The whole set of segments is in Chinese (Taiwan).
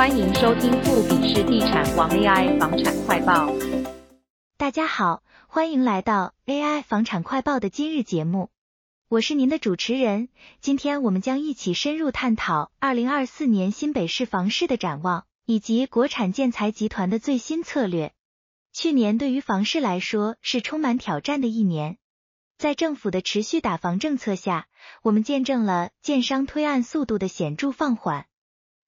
歡迎收聽富比士地產王 AI 房產快報。大家好，歡迎來到 AI 房產快報的今日節目，我是您的主持人。今天我們將一起深入探討二零二四年新北市房市的展望，以及國產建材集團的最新策略。去年對於房市來說是充滿挑戰的一年，在政府的持續打房政策下，我們見證了建商推案速度的顯著放緩。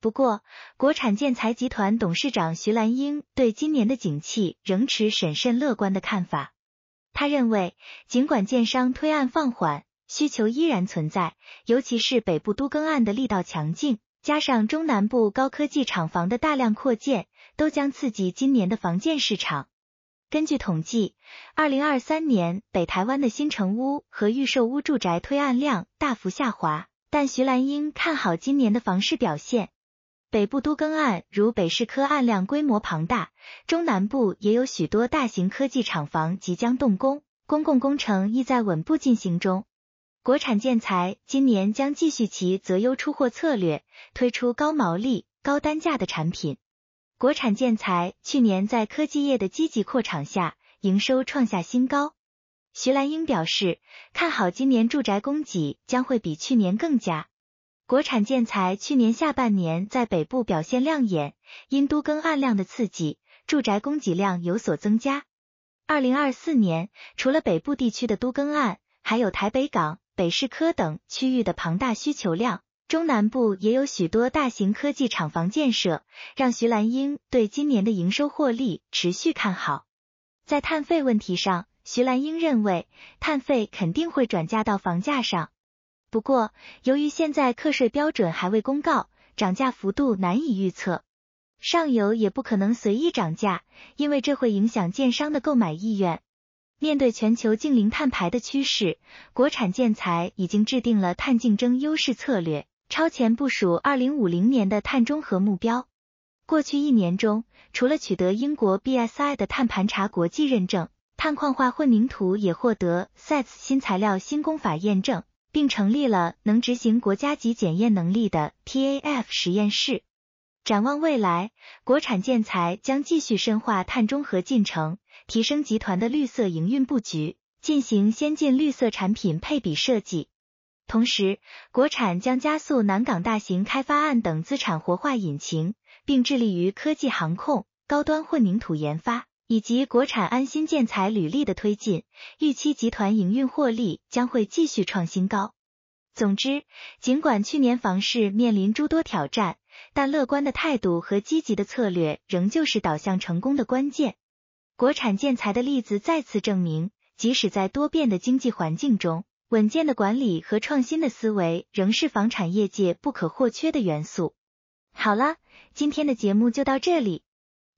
不過，國產建材集團董事長徐蘭英對今年的景氣仍持審慎樂觀的看法。他認為，儘管建商推案放緩，需求依然存在，尤其是北部都更案的力道強勁，加上中南部高科技廠房的大量擴建，都將刺激今年的房建市場。根據統計，二零二三年北台灣的新成屋和預售屋住宅推案量大幅下滑，但徐蘭英看好今年的房市表現。北部都更案如北市科案量規模龐大，中南部也有許多大型科技廠房即將動工，公共工程亦在穩步進行中。國產建材今年將繼續其擇優出貨策略，推出高毛利、高單價的產品。國產建材去年在科技業的積極擴廠下，營收創下新高。徐蘭英表示，看好今年住宅供給將會比去年更佳。國產建材去年下半年在北部表現亮眼，因都更案量的刺激，住宅供給量有所增加。2024年，除了北部地區的都更案，還有台北港、北市科等區域的龐大需求量。中南部也有許多大型科技廠房建設，讓徐蘭英對今年的營收獲利持續看好。在碳費問題上，徐蘭英認為碳費肯定會轉嫁到房價上。不過，由於現在課稅標準還未公告，漲價幅度難以預測。上游也不可能隨意漲價，因為這會影響建商的購買意願。面對全球淨零碳排的趨勢，國產建材已經製定了碳競爭優勢策略，超前部署二零五零年的碳中和目標。過去一年中，除了取得英國 BSI 的碳盤查國際認證，碳礦化混凝土也獲得 SGS 新材料新工法驗證。並成立了能執行國家級檢驗能力的 TAF 實驗室。展望未來，國產建材將繼續深化碳中和進程，提升集團的綠色營運佈局，進行先進綠色產品配比設計。同時，國產將加速南港大型開發案等資產活化引擎，並致力於科技、航空、高端混凝土研發。以及國產安心建材履歷的推進，預期集團營運獲利將會繼續創新高。總之，儘管去年房市面臨諸多挑戰，但樂觀的態度和積極的策略仍舊是導向成功的關鍵。國產建材的例子再次證明，即使在多變的經濟環境中，穩健的管理和創新的思維仍是房產業界不可或缺的元素。好了，今天的節目就到這裡。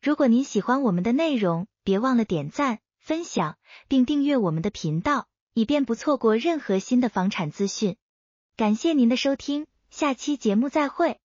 如果您喜歡我們的內容，別忘了點讚、分享並訂閱我們的頻道，以便不錯過任何新的房產資訊。感謝您的收聽，下期節目再會。